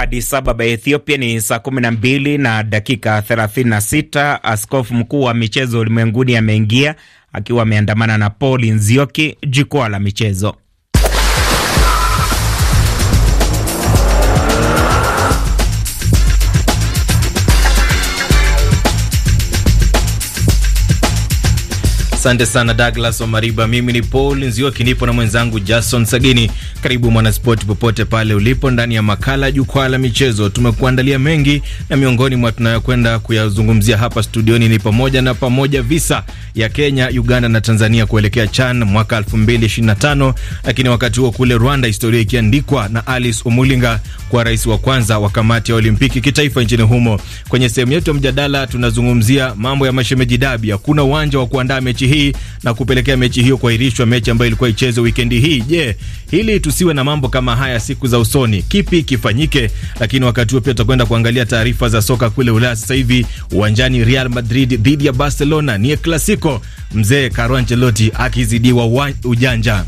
Addis Ababa, Ethiopia ni saa kumi na dakika 36. Askofu mkuu wa michezo ulimwenguni ameingia akiwa ameandamana na Paul Nzioki, jukwaa la michezo. Asante sana Douglas Omariba. Mimi ni Paul Nzioki, kinipo na mwenzangu Jason Sagini. Karibu mwanaspoti, popote pale ulipo, ndani ya makala Jukwaa la Michezo. Tumekuandalia mengi na miongoni mwa tunayokwenda kuyazungumzia hapa studioni ni pamoja na pamoja visa ya Kenya, Uganda na Tanzania kuelekea CHAN mwaka 2025, lakini wakati huo kule Rwanda historia ikiandikwa na Alice Omulinga kwa rais wa kwanza wa kamati ya Olimpiki kitaifa nchini humo. Kwenye sehemu yetu ya mjadala tunazungumzia mambo ya mashemeji dabi, hakuna uwanja wa kuandaa mechi hii na kupelekea mechi hiyo kuahirishwa, mechi ambayo ilikuwa ichezwe wikendi hii. Je, yeah, hili tusiwe na mambo kama haya siku za usoni, kipi kifanyike? Lakini wakati huo pia tutakwenda kuangalia taarifa za soka kule Ulaya sasa hivi. Uwanjani Real Madrid dhidi ya Barcelona ni klasiko, mzee Carlo Ancelotti akizidiwa ujanja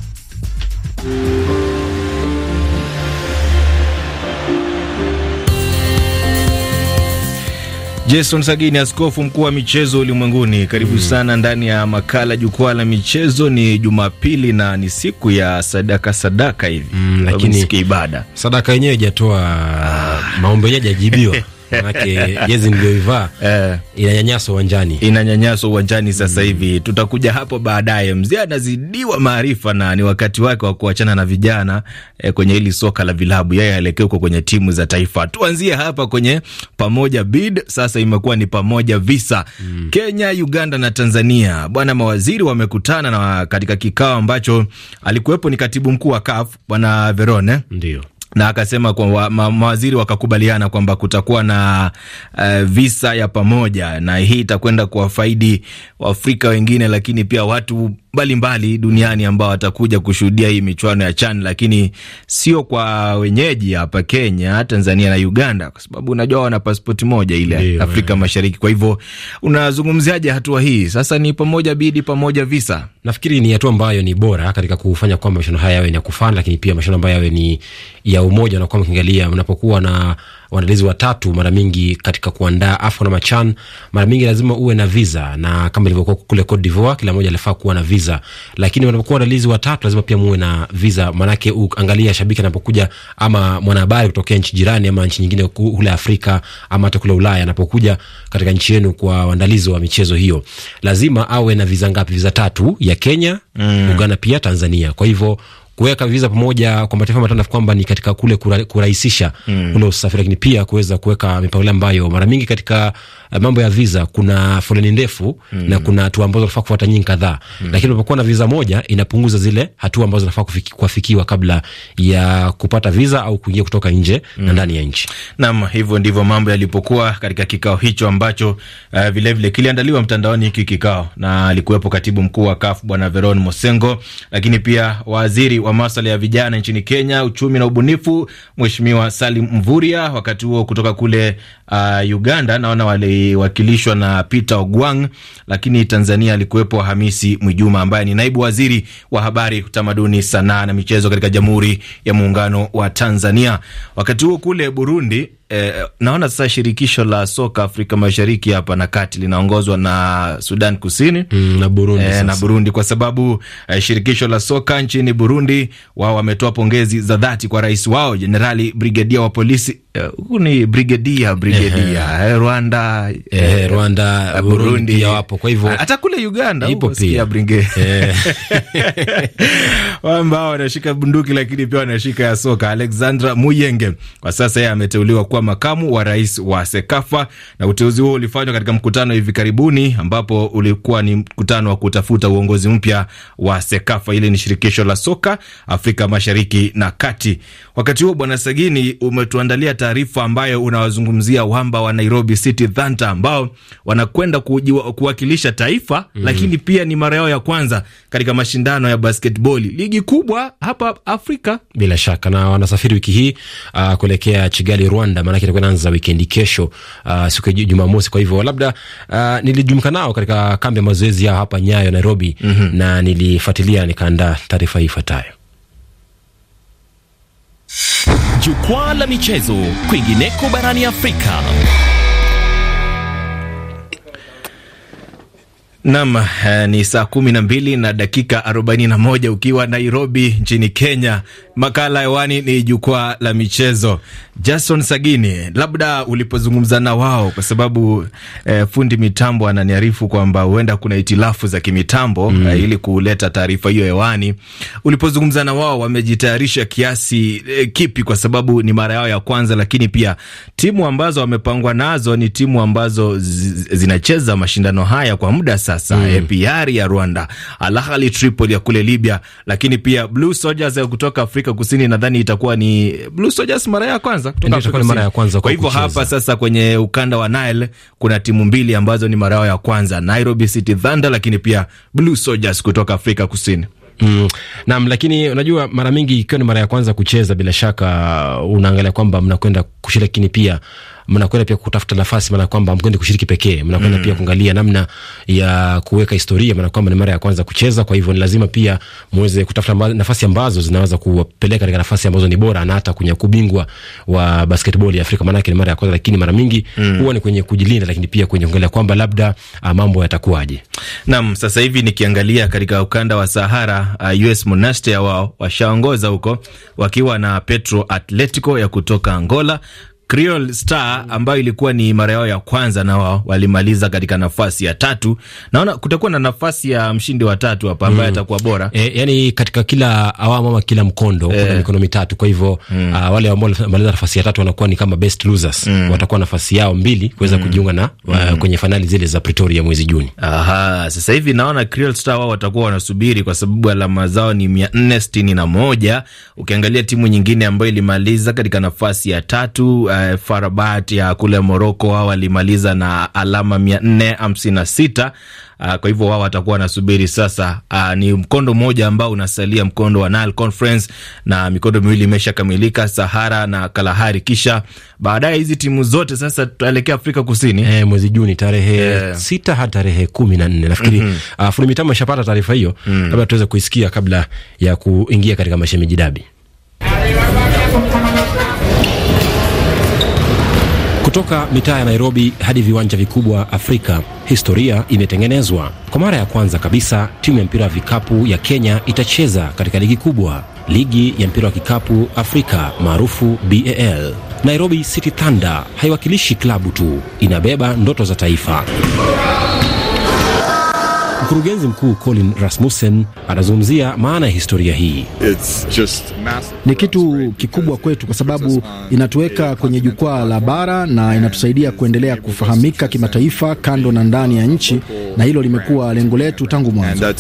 Jason Sagini, askofu mkuu wa michezo ulimwenguni, karibu mm. sana ndani ya makala jukwaa la michezo. Ni Jumapili na ni siku ya sadaka sadaka hivi mm, lakini ibada sadaka yenyewe ijatoa ah. maombi yajajibiwa manake jezi niliyoivaa eh, inanyanyaswa uwanjani, inanyanyaswa uwanjani sasa mm. tutakuja hapo baadaye. Mzee anazidiwa maarifa na ni wakati wake wa kuachana na vijana eh, kwenye hili soka la vilabu, yeye aelekee huko kwenye timu za taifa. Tuanzie hapa kwenye pamoja bid, sasa imekuwa ni pamoja visa mm. Kenya, Uganda na Tanzania bwana, mawaziri wamekutana na katika kikao ambacho alikuwepo ni katibu mkuu wa CAF bwana Verone, ndio na akasema kwa ma, mawaziri wakakubaliana kwamba kutakuwa na uh, visa ya pamoja na hii itakwenda kuwafaidi Waafrika wengine, lakini pia watu mbalimbali duniani ambao watakuja kushuhudia hii michuano ya CHAN, lakini sio kwa wenyeji hapa Kenya, Tanzania na Uganda, kwa sababu unajua wana paspoti moja ile Dio, Afrika eh. Mashariki. Kwa hivyo unazungumziaje hatua hii sasa? Ni pamoja bidi pamoja visa. Nafikiri ni hatua ambayo ni bora katika kufanya kwamba mashindano haya yawe ni ya kufana, lakini pia mashindano ambayo yawe ni ya umoja na kwamba ukiangalia unapokuwa na waandalizi watatu mara mingi katika kuandaa AFCON ama CHAN, mara mingi lazima uwe na visa, na kama ilivyokuwa kule Cote d'Ivoire, kila mmoja alifaa kuwa na visa, lakini wanapokuwa waandalizi watatu lazima pia muwe na visa, maanake uangalia shabiki anapokuja ama mwanahabari kutokea nchi jirani ama nchi nyingine kule Afrika ama hata kule Ulaya anapokuja katika nchi yenu kwa waandalizi wa michezo hiyo, lazima awe na visa ngapi? Visa tatu ya Kenya, mm, Uganda pia Tanzania. Kwa hivyo kuweka viza pamoja kwa mataifa matano kwamba ni katika kule kurahisisha mm. ule usafiri, lakini pia kuweza kuweka mipango ambayo mara mingi katika uh, mambo ya viza kuna foleni ndefu mm. na kuna hatua ambazo nafaa kufuata nyingi kadhaa mm. lakini unapokuwa na viza moja inapunguza zile hatua ambazo nafaa kuafikiwa kabla ya kupata viza au kuingia kutoka nje mm. na ndani ya nchi. Naam, hivyo ndivyo mambo yalipokuwa katika kikao hicho ambacho uh, vile kiliandaliwa mtandaoni hiki kikao, na alikuwepo katibu mkuu wa CAF Bwana Veron Mosengo, lakini pia waziri wa wa masuala ya vijana nchini Kenya, uchumi na ubunifu, Mheshimiwa Salim Mvuria, wakati huo kutoka kule uh, Uganda naona waliwakilishwa na Peter Ogwang, lakini Tanzania alikuwepo Hamisi Mwijuma ambaye ni naibu waziri wa habari, utamaduni, sanaa na michezo katika Jamhuri ya Muungano wa Tanzania. Wakati huo kule Burundi Eh, naona sasa shirikisho la soka Afrika Mashariki hapa na kati linaongozwa na Sudan Kusini mm, na, Burundi, eh, na Burundi kwa sababu eh, shirikisho la soka nchini Burundi wao wametoa pongezi za dhati kwa rais wao Jenerali Brigedia wa polisi Eh, huku ni brigedia brigedia eh, eh, Rwanda eh, Rwanda Burundi, Burundi wapo, kwa hivyo hata kule Uganda ipo pia brigedia ambao wanashika bunduki lakini pia wanashika ya soka. Alexandra Muyenge kwa sasa yeye ameteuliwa kuwa makamu wa rais wa Sekafa, na uteuzi huo ulifanywa katika mkutano hivi karibuni, ambapo ulikuwa ni mkutano wa kutafuta uongozi mpya wa Sekafa. Ile ni shirikisho la soka Afrika Mashariki na Kati. Wakati huo, Bwana Sagini, umetuandalia taarifa ambayo unawazungumzia wamba wa Nairobi City Thanta ambao wanakwenda kuwakilisha taifa mm, lakini pia ni mara yao ya kwanza katika mashindano ya basketball, ligi kubwa hapa Afrika bila shaka, na wanasafiri wiki hii uh, kuelekea Kigali, Rwanda, maanake itakuwa inaanza wikendi kesho, uh, siku ya Jumamosi. Kwa hivyo labda uh, ah, nilijumuka nao katika kambi ya mazoezi yao hapa Nyayo, Nairobi mm -hmm. na nilifuatilia nikaandaa taarifa hii ifuatayo jukwaa la michezo kwingineko barani Afrika. Nam eh, ni saa kumi na mbili na dakika arobaini na moja ukiwa Nairobi nchini Kenya. Makala hewani ni jukwaa la michezo. Jason Sagini, labda ulipozungumza na wao, kwa sababu eh, fundi mitambo ananiarifu kwamba huenda kuna hitilafu za kimitambo mm, eh, ili kuleta taarifa hiyo hewani, ulipozungumza na wao wamejitayarisha kiasi eh, kipi? Kwa sababu ni mara yao ya kwanza, lakini pia timu ambazo wamepangwa nazo ni timu ambazo zinacheza mashindano haya kwa muda sasa mm. APR ya Rwanda, Al Ahly Tripoli ya kule Libya, lakini pia Blue Soldiers ya kutoka Afrika Kusini. Nadhani itakuwa ni Blue Soldiers mara ya kwanza kutoka Afrika Kusini, mara ya kwanza. Kwa hivyo hapa sasa kwenye ukanda wa Nile kuna timu mbili ambazo ni mara yao ya kwanza, Nairobi City Thunder, lakini pia Blue Soldiers kutoka Afrika Kusini. Mm. Naam, lakini unajua mara mingi ikiwa ni mara ya kwanza kucheza, bila shaka uh, unaangalia kwamba mnakwenda kushirikini pia mnakwenda pia kutafuta nafasi, maana kwamba mkwende kushiriki pekee, mnakwenda mm. pia kuangalia namna ya kuweka historia, maana kwamba ni mara ya kwanza kucheza. Kwa hivyo ni lazima pia muweze kutafuta nafasi ambazo zinaweza kuwapeleka katika nafasi ambazo ni bora na hata kwenye bingwa wa basketball ya Afrika, maanake ni mara ya kwanza, lakini mara mingi mm. huwa ni kwenye kujilinda, lakini pia kwenye kuangalia kwamba labda ah, mambo yatakuwaje. Naam, sasa hivi nikiangalia katika ukanda wa Sahara, uh, ah, US Monastir wao washaongoza huko wakiwa na Petro Atletico ya kutoka Angola Creole Star ambayo ilikuwa ni mara yao ya kwanza na wao walimaliza katika nafasi ya tatu. Naona kutakuwa na nafasi ya mshindi wa tatu hapa ambaye mm. atakuwa bora. E, yani katika kila awamu ama kila mkondo e, eh. kuna mikono mitatu. Kwa hivyo mm. uh, wale ambao walimaliza nafasi ya tatu wanakuwa ni kama best losers. Mm. Watakuwa nafasi yao mbili kuweza mm. kujiunga na ah, mm. uh, kwenye finali zile za Pretoria mwezi Juni. Aha, sasa hivi naona Creole Star wao watakuwa wanasubiri kwa sababu alama zao ni na moja. Ukiangalia timu nyingine ambayo ilimaliza katika nafasi ya tatu uh, uh, Farabat ya kule Moroko, wao walimaliza na alama mia nne hamsini na sita. Uh, kwa hivyo wao watakuwa wanasubiri sasa. Uh, ni mkondo mmoja ambao unasalia, mkondo wa Nile Conference, na mikondo miwili imeshakamilika, Sahara na Kalahari. Kisha baadaye hizi timu zote sasa tutaelekea Afrika Kusini eh, mwezi Juni tarehe yeah, sita hadi tarehe kumi na nne nafikiri. mm -hmm. Uh, fundi mitambo ishapata taarifa hiyo, mm labda mm, tuweze kuisikia kabla ya kuingia katika mashemeji dabi Kutoka mitaa ya Nairobi hadi viwanja vikubwa Afrika, historia imetengenezwa. Kwa mara ya kwanza kabisa timu ya mpira wa vikapu ya Kenya itacheza katika ligi kubwa, ligi ya mpira wa kikapu Afrika maarufu BAL. Nairobi City Thunder haiwakilishi klabu tu, inabeba ndoto za taifa. Mkurugenzi mkuu Colin Rasmussen anazungumzia maana ya historia hii. Ni kitu kikubwa kwetu kwa sababu inatuweka kwenye jukwaa la bara na inatusaidia kuendelea kufahamika kimataifa, kando na ndani ya nchi, na hilo limekuwa lengo letu tangu mwanzo.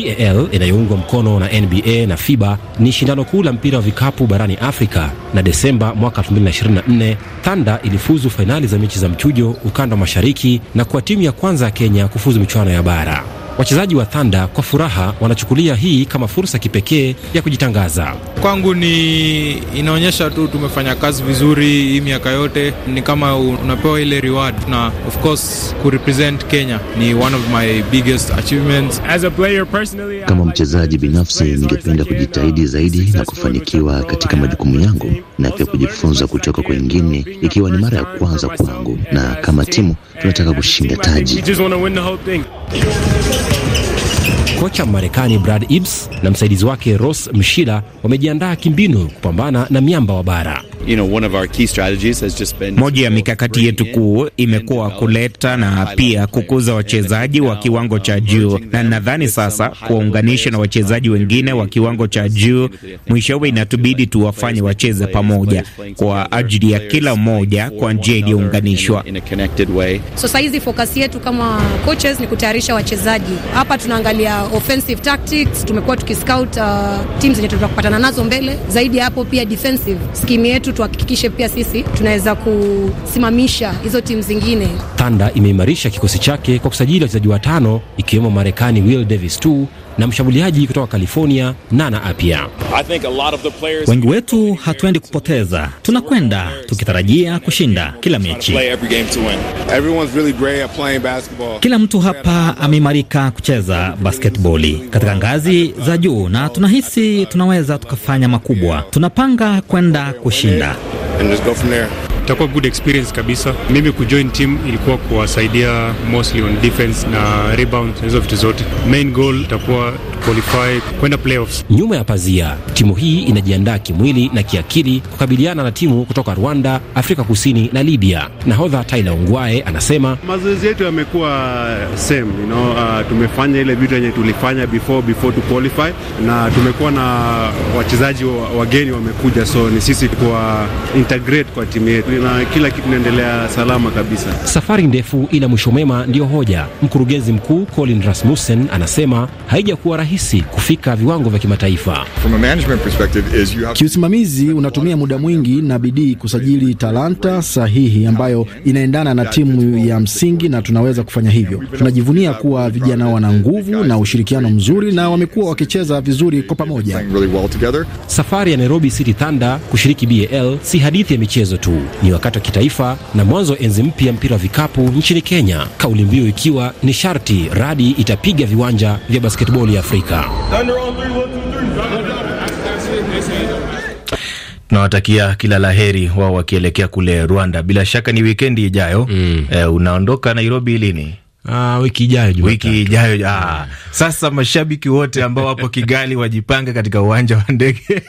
BAL inayoungwa mkono na NBA na FIBA ni shindano kuu la mpira wa vikapu barani Afrika, na Desemba mwaka 2024 Thanda ilifuzu fainali za mechi za mchujo ukanda wa mashariki na kuwa timu ya kwanza ya Kenya kufuzu michuano Sonora Bará. Wachezaji wa thanda kwa furaha wanachukulia hii kama fursa kipekee ya kujitangaza. Kwangu ni inaonyesha tu tumefanya kazi vizuri hii miaka yote, ni kama unapewa ile reward, na of course kurepresent Kenya ni one of my biggest achievements as a player personally. Kama mchezaji binafsi, ningependa kujitahidi zaidi na kufanikiwa katika majukumu yangu na pia kujifunza kutoka kwa wengine, ikiwa ni mara ya kwanza kwangu, na kama timu tunataka kushinda taji. Kocha Marekani Brad Ibs na msaidizi wake Ross Mshila wamejiandaa kimbinu kupambana na miamba wa bara. Moja ya mikakati yetu kuu imekuwa kuleta na pia kukuza wachezaji wa kiwango cha juu, na nadhani sasa kuwaunganisha na wachezaji wengine wa kiwango cha juu, mwishowe inatubidi tuwafanye wacheze pamoja kwa ajili ya kila mmoja kwa njia iliyounganishwa. So sahizi fokasi yetu kama coaches ni kutayarisha wachezaji. Hapa tunaangalia offensive tactics, tumekuwa tukiscout uh, teams zenye tutakupatana nazo mbele zaidi ya hapo, pia defensive scheme yetu tuhakikishe pia sisi tunaweza kusimamisha hizo timu zingine. thanda imeimarisha kikosi chake kwa kusajili wachezaji watano ikiwemo Marekani Will Davis tu na mshambuliaji kutoka California Nana Apia. Wengi wetu hatuendi kupoteza, tunakwenda tukitarajia kushinda kila mechi. Kila mtu hapa ameimarika kucheza basketboli katika ngazi za juu, na tunahisi tunaweza tukafanya makubwa. Tunapanga kwenda kushinda itakuwa good experience kabisa. Mimi kujoin team ilikuwa kuwasaidia mostly on defense na rebound na hizo vitu zote. Main goal itakuwa qualify kwenda playoffs. Nyuma ya pazia, timu hii inajiandaa kimwili na kiakili kukabiliana na timu kutoka Rwanda, Afrika Kusini na Libya. Nahodha Tyler Ongwae anasema mazoezi yetu yamekuwa same, you know, uh, tumefanya ile vitu yenye tulifanya before before to qualify na tumekuwa na wachezaji wageni wamekuja, so ni sisi kwa integrate kwa timu yetu na kila kitu inaendelea salama kabisa. Safari ndefu ila mwisho mema ndiyo hoja. Mkurugenzi mkuu Colin Rasmussen anasema haijakuwa rahisi kufika viwango vya kimataifa. Kiusimamizi unatumia muda mwingi na bidii kusajili talanta sahihi ambayo inaendana na timu ya msingi, na tunaweza kufanya hivyo. Tunajivunia kuwa vijana wana nguvu na ushirikiano mzuri na wamekuwa wakicheza vizuri kwa pamoja. Safari ya Nairobi City Thunder kushiriki BAL si hadithi ya michezo tu, ni ni wakati wa kitaifa na mwanzo wa enzi mpya mpira wa vikapu nchini Kenya, kauli mbiu ikiwa ni sharti radi itapiga viwanja vya basketboli ya Afrika. Tunawatakia kila la heri wao wakielekea kule Rwanda. Bila shaka ni wikendi ijayo. Mm. E, unaondoka Nairobi lini? Ah, wiki ijayo Jumatatu. Wiki ijayo ah. Sasa mashabiki wote ambao wapo Kigali wajipanga katika uwanja wa ndege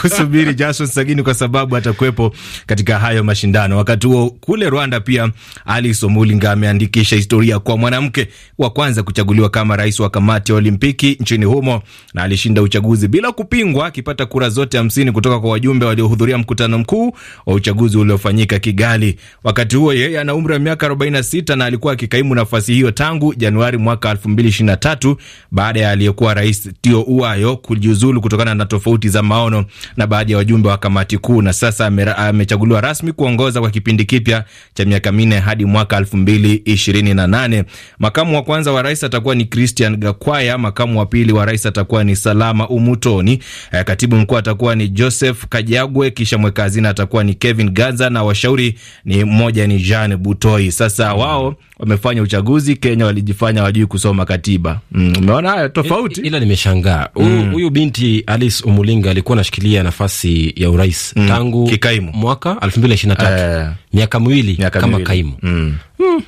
kusubiri Jason Sagini kwa sababu atakuwepo katika hayo mashindano. Wakati huo kule Rwanda pia Ali Mulinga ameandikisha historia kwa mwanamke wa kwanza kuchaguliwa kama rais wa kamati ya Olimpiki nchini humo na alishinda uchaguzi bila kupingwa akipata kura zote hamsini kutoka kwa wajumbe waliohudhuria mkutano mkuu wa uchaguzi uliofanyika Kigali. Wakati huo yeye ana umri wa miaka 46 na alikuwa akikai gharimu nafasi hiyo tangu Januari mwaka 2023 baada ya aliyekuwa rais Tio Uayo kujiuzulu kutokana na tofauti za maono na baadhi ya wajumbe wa kamati kuu, na sasa amechaguliwa rasmi kuongoza kwa kipindi kipya cha miaka minne hadi mwaka 2028. Makamu wa kwanza wa rais atakuwa ni Christian Gakwaya, makamu wa pili wa rais atakuwa ni Salama Umutoni, eh, katibu mkuu atakuwa ni Joseph Kajagwe, kisha mweka hazina atakuwa ni Kevin Gaza na washauri ni mmoja ni Jean Butoi. Sasa wao wamefanya uchaguzi Kenya walijifanya wajui kusoma katiba. Mm, umeona mm, hayo tofauti, ila nimeshangaa mm. huyu mm, binti Alice Umulinga alikuwa anashikilia nafasi ya urais mm, tangu kikaimu mwaka na tatu eh. miaka miwili kama kaimu mm. Mm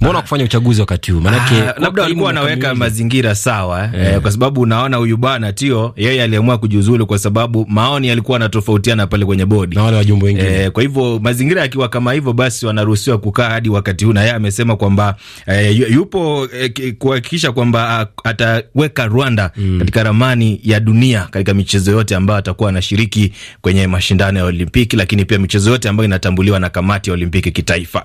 mbona kufanya uchaguzi wakati huu? Maanake ah, labda walikuwa wanaweka mazingira sawa yeah. Eh, kwa sababu unaona huyu bwana tio yeye aliamua kujiuzulu kwa sababu maoni yalikuwa yanatofautiana pale kwenye bodi na wale wajumbe wengine eh, kwa hivyo mazingira yakiwa kama hivyo, basi wanaruhusiwa kukaa hadi wakati huu, na yeye amesema kwamba eh, yupo eh, kuhakikisha kwamba ah, ataweka Rwanda mm. katika ramani ya dunia katika michezo yote ambayo atakuwa anashiriki kwenye mashindano ya Olimpiki, lakini pia michezo yote ambayo inatambuliwa na kamati ya Olimpiki kitaifa.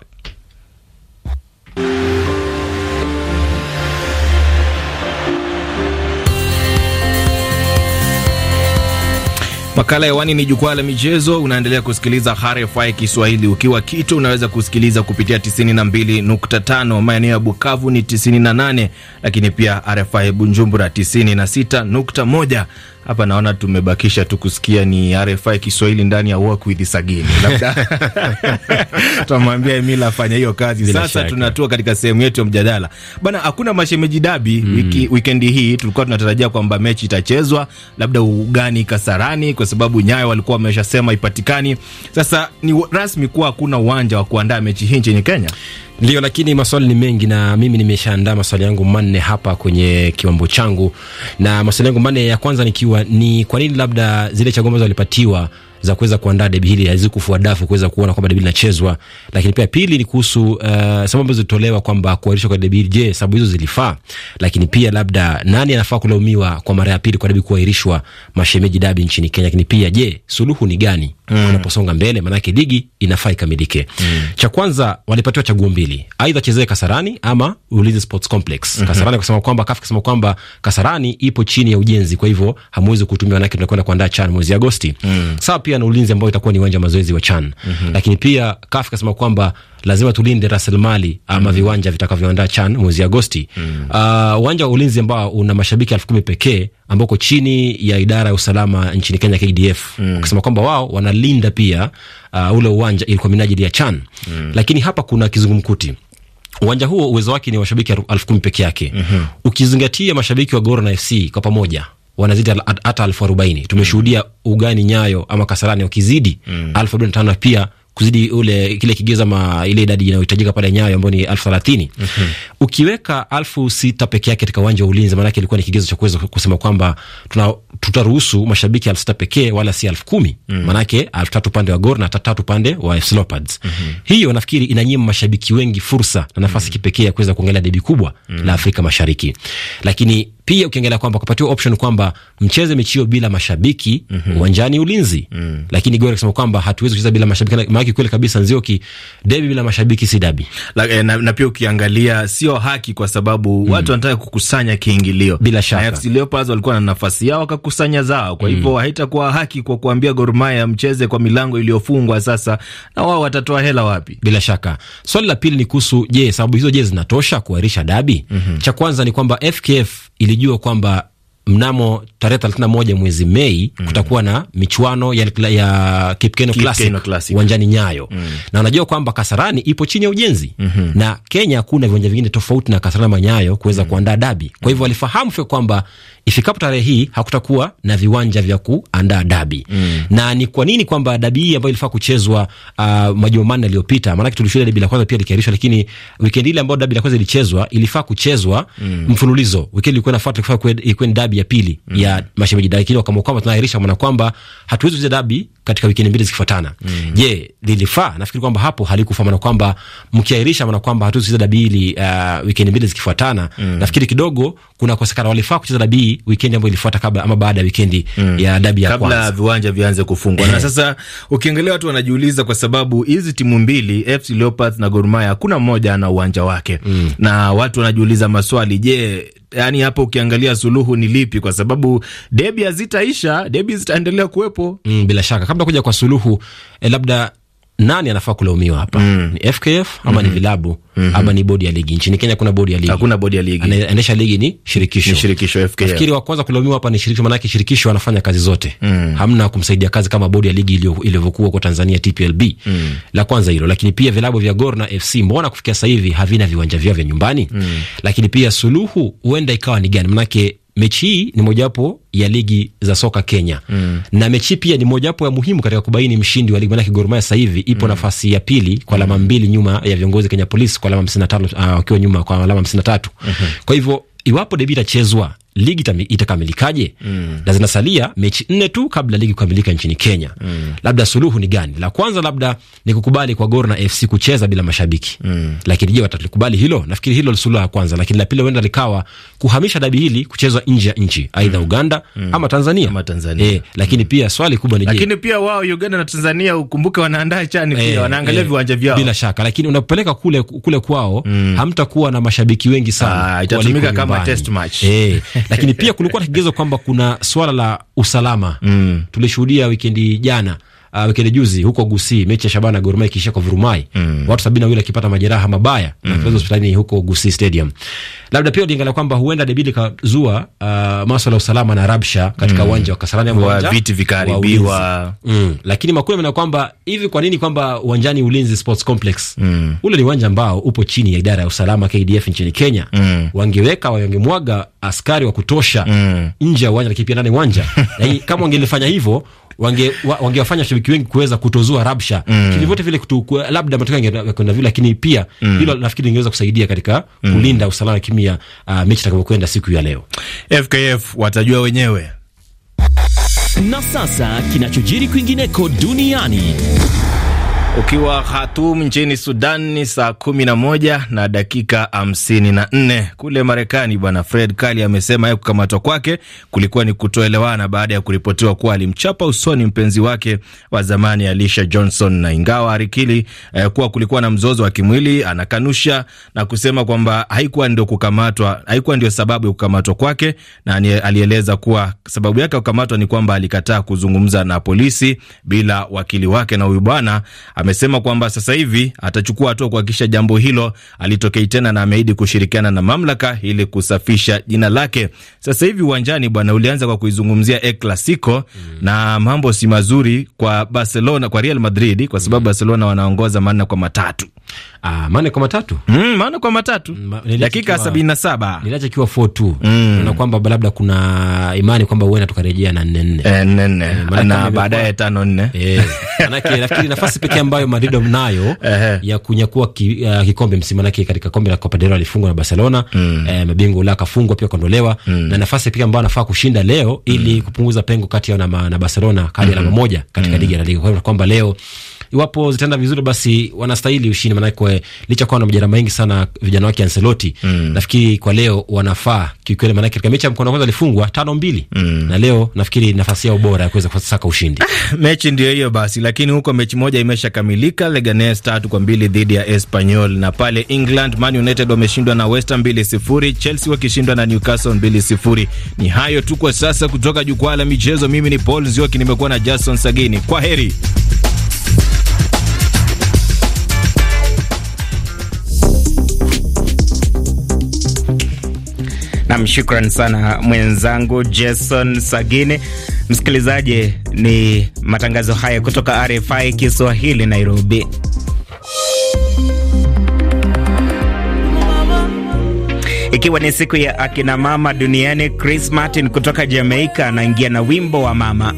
Makala hewani ni jukwaa la michezo. Unaendelea kusikiliza RFI Kiswahili. Ukiwa Kito unaweza kusikiliza kupitia 92.5, maeneo ya Bukavu ni 98, lakini pia RFI Bujumbura 96.1. Hapa naona tumebakisha tu kusikia ni RFI Kiswahili ndani ya Walk with Sagini, labda tutamwambia Emila afanya hiyo kazi. Bila sasa tunatua katika sehemu yetu ya mjadala bana. Hakuna mashemeji dabi mm. Wiki, wikendi hii tulikuwa tunatarajia kwamba mechi itachezwa labda ugani Kasarani, kwa sababu Nyayo walikuwa wameshasema ipatikani. Sasa ni rasmi kuwa hakuna uwanja wa kuandaa mechi hii nchini Kenya. Ndio, lakini maswali ni mengi na mimi nimeshaandaa maswali yangu manne hapa kwenye kiwambo changu, na maswali yangu manne ya kwanza nikiwa ni kwa nini labda zile chaguo ambazo walipatiwa za kuweza kuandaa debi hili hawezi kufua dafu kuweza kuona kwamba debi linachezwa. Lakini pia pili ni kuhusu uh, sababu ambazo zilitolewa kwamba kuahirishwa kwa debi hili. Je, sababu hizo zilifaa? Lakini pia labda nani anafaa kulaumiwa kwa mara ya pili kwa debi kuahirishwa, mashemeji dabi nchini Kenya? Lakini pia je, suluhu ni gani mm. wanaposonga mbele, maanake ligi inafaa ikamilike. mm. Cha kwanza walipatiwa chaguo mbili, aidha chezee Kasarani ama Ulinzi Sports Complex. mm -hmm. Kasarani kusema kwamba kafu kusema kwamba Kasarani ipo chini ya ujenzi, kwa hivyo hamwezi kutumia, maanake tunakwenda kuandaa CHAN mwezi Agosti. mm. Sawa pia pia na ulinzi ambao itakuwa ni uwanja wa mazoezi wa CHAN mm -hmm. Lakini pia CAF kasema kwamba lazima tulinde rasilimali ama mm -hmm. viwanja vitakavyoandaa CHAN mwezi Agosti mm -hmm. uh, uwanja wa ulinzi ambao una mashabiki elfu kumi pekee ambao uko chini ya idara ya usalama nchini Kenya KDF mm -hmm. Wakisema kwamba wao wanalinda pia uh, ule uwanja ili kwa minajili ya CHAN mm -hmm. Lakini hapa kuna kizungumkuti uwanja huo uwezo wake ni washabiki elfu kumi peke yake mm -hmm. Ukizingatia mashabiki wa Gor na FC kwa pamoja wanazidi hata elfu arobaini. Tumeshuhudia ugani Nyayo ama Kasarani wakizidi elfu mm. arobaini na tano pia kuzidi ule kile kigezo ama ile idadi inayohitajika pale Nyayo ambayo ni elfu thelathini. mm -hmm. Ukiweka elfu sita peke yake katika uwanja wa ulinzi, maanake ilikuwa ni kigezo cha kuweza kusema kwamba tuna tutaruhusu mashabiki elfu sita pekee wala si elfu kumi. Mm. maanake mm -hmm. Maanake elfu tatu upande wa Gor na elfu tatu upande wa AFC Leopards. mm -hmm. Hiyo nafikiri inanyima mashabiki wengi fursa na nafasi mm -hmm. kipekee ya kuweza kuangalia debi kubwa mm -hmm. la Afrika Mashariki, lakini pia ukiangalia kwamba ukapatiwa option kwamba mcheze mechi hiyo bila mashabiki mhm. uwanjani, mm -hmm. Ulinzi mm -hmm. Lakini Gori akasema kwamba hatuwezi kucheza bila mashabiki, maana kweli kabisa Nzioki, debi bila mashabiki si dabi eh, na, na pia ukiangalia sio haki, kwa sababu mm -hmm. watu wanataka kukusanya kiingilio. Bila shaka AFC Leopards walikuwa na nafasi yao wakakusanya zao, kwa mm. hivyo mm -hmm. haitakuwa haki kwa kuambia Gor Mahia mcheze kwa milango iliyofungwa. Sasa na wao watatoa hela wapi? Bila shaka swali la pili ni kuhusu, je, sababu hizo je zinatosha kuahirisha dabi? mm -hmm. Cha kwanza ni kwamba FKF ili mlijua kwamba mnamo tarehe 31 mwezi Mei mm. kutakuwa na michuano ya, ya Kipkeno Classic uwanjani Nyayo mm. na unajua kwamba Kasarani ipo chini ya ujenzi mm -hmm. na Kenya hakuna viwanja vingine tofauti na Kasarani Manyayo kuweza mm. kuandaa dabi. Kwa hivyo walifahamu fika kwamba ifikapo tarehe hii hakutakuwa na viwanja vya kuandaa dabi mm. na ni kwa nini kwamba dabi hii ambayo ilifaa kuchezwa uh, majuma manne yaliyopita, maanake tulishuhudia dabi la kwanza pia likiahirishwa, lakini wikendi ile ambayo dabi la kwanza ilichezwa ilifaa kuchezwa mm. mfululizo. Wikendi ilikuwa inafuata ilikuwa kwen, dabi ya pili mm. ya mashemeji, lakini wakaamua kwamba tunaahirisha, maana kwamba hatuwezi kucheza dabi katika wikendi mbili zikifuatana. mm. Je, lilifaa? Nafikiri kwamba hapo halikufaa, maana kwamba mkiahirisha, maana kwamba hatuwezi kucheza dabi hili uh, wikendi mbili zikifuatana mm. nafikiri kidogo kuna kosekana, walifaa kucheza dabi wikendi, ambayo ilifuata kabla ama baada ya wikendi mm. ya dabi ya kwanza, kabla viwanja vianze kufungwa na eh. sasa, ukiangalia watu wanajiuliza kwa sababu hizi timu mbili FC Leopards na Gor Mahia hakuna mmoja ana uwanja wake mm. na watu wanajiuliza maswali, je, yaani hapa ukiangalia suluhu ni lipi? Kwa sababu debi hazitaisha, debi zitaendelea kuwepo mm, bila shaka. Kabla kuja kwa suluhu eh, labda nani anafaa kulaumiwa hapa? Mm. Ni FKF ama mm -hmm. ni mm-hmm. vilabu mm -hmm. ama ni bodi ya ligi? Nchini Kenya kuna bodi ya ligi? Hakuna bodi ya ligi. Anaendesha ligi ni shirikisho. Ni shirikisho FKF. Nafikiri wa kwanza kulaumiwa hapa ni shirikisho, maana shirikisho anafanya kazi zote. Mm. Hamna kumsaidia kazi kama bodi ya ligi ilivyokuwa kwa Tanzania TPLB. Mm. La kwanza hilo, lakini pia vilabu vya Gor na FC mbona kufikia sasa hivi havina viwanja vyao vya nyumbani? Mm. Lakini pia suluhu huenda ikawa ni gani? Maana mechi hii ni mojawapo ya ligi za soka Kenya mm. na mechi pia ni mojawapo ya muhimu katika kubaini mshindi wa ligi, maanake Gor Mahia sasa hivi ipo mm. nafasi ya pili kwa alama mm. mbili nyuma ya viongozi Kenya Police kwa alama hamsini na tano uh, wakiwa uh, nyuma kwa alama hamsini na tatu mm -hmm. kwa hivyo iwapo debi itachezwa ligi itakamilikaje? mm. na zinasalia mechi nne tu kabla ligi kukamilika nchini Kenya. mm. labda suluhu ni gani? La kwanza labda ni kukubali kwa Gor na FC kucheza bila mashabiki. mm. lakini je, watalikubali hilo? Nafikiri hilo suluhu ya kwanza, lakini la pili huenda likawa kuhamisha dabi hili kuchezwa nje ya nchi, aidha mm. Uganda mm. ama Tanzania, ama Tanzania. E, lakini mm. pia swali kubwa ni je, lakini pia wao Uganda na Tanzania ukumbuke wanaandaa chani e, pia eh, wanaangalia e, viwanja vyao bila shaka, lakini unapopeleka kule kule kwao mm. hamtakuwa na mashabiki wengi sana, ah, itatumika kama test match e. lakini pia kulikuwa na kigezo kwamba kuna swala la usalama mm. Tulishuhudia wikendi jana uh, ah, wikendi juzi huko Gusii, mechi ya Shabana Gor Mahia ikiishia kwa vurumai mm. watu sabini na wawili akipata majeraha mabaya mm. na hospitalini huko Gusii Stadium. Labda pia uliangalia kwamba huenda debili kazua uh, maswala ya usalama na rabsha katika mm. uwanja mm. wa Kasarani ama uwanja viti vikaharibiwa mm. lakini makuu yamena kwamba hivi, kwa nini kwamba uwanjani Ulinzi Sports Complex mm. ule ni uwanja ambao upo chini ya idara ya usalama KDF nchini Kenya mm. wangeweka wangemwaga askari wa kutosha mm. nje ya uwanja lakini pia ndani uwanja kama wangelifanya hivyo wangewafanya wange, wange washabiki wengi kuweza kutozua rabsha mm. Lakini vile kutu, kwa, labda matokeo yangekwenda eh, vile, lakini pia mm. hilo nafikiri ingeweza kusaidia katika mm. kulinda usalama kimia uh, ah, mechi takavyokwenda siku ya leo. FKF watajua wenyewe. Na sasa kinachojiri kwingineko duniani ukiwa Khartoum nchini Sudan ni saa kumi na moja na dakika hamsini na nne. Kule Marekani, bwana Fred Kali amesema yeye kukamatwa kwake kulikuwa ni kutoelewana baada ya kuripotiwa kuwa alimchapa usoni mpenzi wake wa zamani Alisha Johnson, na ingawa arikili eh, kuwa kulikuwa na mzozo wa kimwili, anakanusha na kusema kwamba haikuwa ndio kukamatwa, haikuwa ndio sababu ya kukamatwa kwake, na alieleza kuwa sababu yake ya kukamatwa ni kwamba alikataa kuzungumza na polisi bila wakili wake, na huyu bwana amesema kwamba sasa hivi atachukua hatua kuhakikisha jambo hilo alitokei tena, na ameahidi kushirikiana na mamlaka ili kusafisha jina lake. Sasa hivi uwanjani, bwana, ulianza kwa kuizungumzia El Clasico mm. na mambo si mazuri kwa Barcelona, kwa Real Madrid kwa sababu mm. Barcelona wanaongoza manne kwa matatu Ah, mane kwa matatu? Mm, mane kwa matatu. Mm, ma, dakika sabini na saba. Niliacha kiwa 4-2. Mm. Na kwamba labda kuna imani kwamba huenda tukarejea na 4-4. 4-4. Eh, eh, na baadaye tano nne Eh. Manake nafikiri nafasi pekee ambayo Madrid mnayo ya kunyakua ki, uh, kikombe msimu manake katika kombe la Copa del Rey alifungwa na Barcelona. Mm. Eh, mabingwa Ulaya akafungwa pia kondolewa mm. na nafasi pekee ambayo anafaa kushinda leo ili mm. kupunguza pengo kati yao na, na Barcelona kadi mm. Mm-hmm. alama moja katika mm. ligi ya La Liga. Kwa hiyo kwamba leo iwapo zitaenda vizuri, basi wanastahili ushindi, manake licha kuwa na majeraha mengi sana vijana wake Ancelotti mm. nafikiri kwa leo wanafaa kiukweli, manake katika mechi ya mkono wa kwanza alifungwa tano mbili mm. na leo nafikiri nafasi yao bora ya kuweza kusaka ushindi. Mechi ndio hiyo basi, lakini huko mechi moja imeshakamilika, Leganes tatu kwa mbili dhidi ya Espanyol, na pale England Man United wameshindwa na West Ham mbili sifuri, Chelsea wakishindwa na Newcastle mbili sifuri. Ni hayo tu kwa sasa kutoka jukwaa la michezo. Mimi ni Paul Zioki, nimekuwa na Jason Sagini. Kwa heri. Nam, shukran sana mwenzangu Jason Sagini. Msikilizaji, ni matangazo haya kutoka RFI Kiswahili, Nairobi. Ikiwa ni siku ya akina mama duniani, Chris Martin kutoka Jamaica anaingia na wimbo wa mama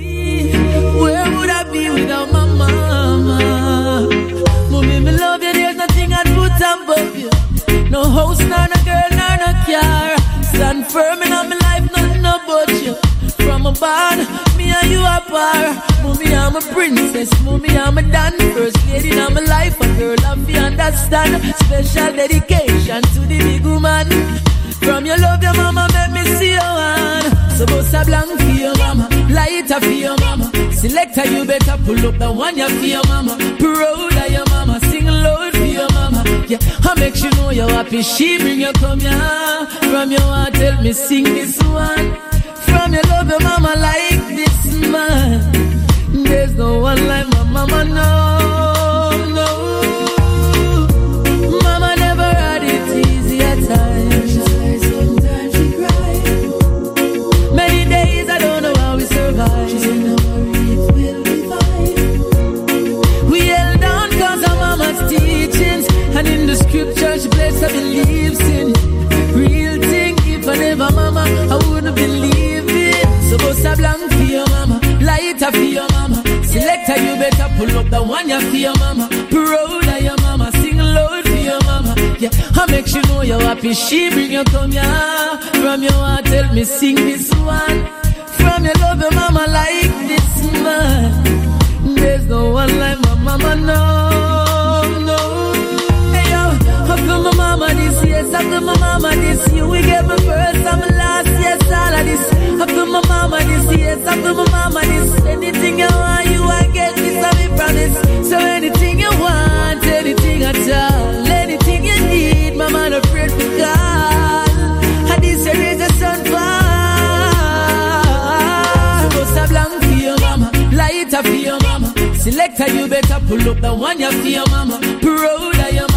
Stand firm in my life, nothing about you. From a barn, me and you are par. Mommy, I'm a princess. Mommy, I'm a dance first lady in my life. A girl, I'm the understand. Special dedication to the big woman. From your love, your mama made me see your hand. So bust a blank for your mama, lighter for your mama. Selector, you better pull up the one you for your mama. Proud up, I make you know you're happy. She bring you come, yeah. From your heart, help me sing this one. From your love, your mama like this man. There's no one like my mama, no. selector for your mama. Selector, you better pull up the one you for your mama. Proud of your mama, sing loud for your mama. Yeah, I make you know you're happy. She bring you come here from your heart. Tell me, sing this one. From your love, your mama like this man. There's no one like my mama, no, no. Hey yo, I feel my mama this year. I feel my mama this year. We gave my first, I'm last, yes, all of this. I feel my mama this, yes, I feel my mama this. Anything you want, you I get this, I be promise. So anything you want, anything at all, anything you need, my man afraid to call. And this here is a sun far. Supposed to blank for your mama, light up for your mama. Selector, you better pull up the one you for your mama. Proud of your mama.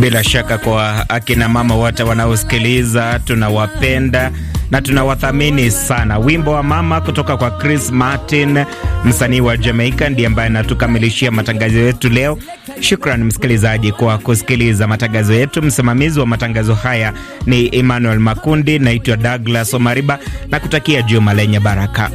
Bila shaka kwa akina mama wote wanaosikiliza tunawapenda na tunawathamini sana. Wimbo wa mama kutoka kwa Chris Martin, msanii wa Jamaica, ndiye ambaye anatukamilishia matangazo yetu leo. Shukran msikilizaji kwa kusikiliza matangazo yetu. Msimamizi wa matangazo haya ni Emmanuel Makundi, naitwa Douglas Omariba na kutakia juma lenye baraka.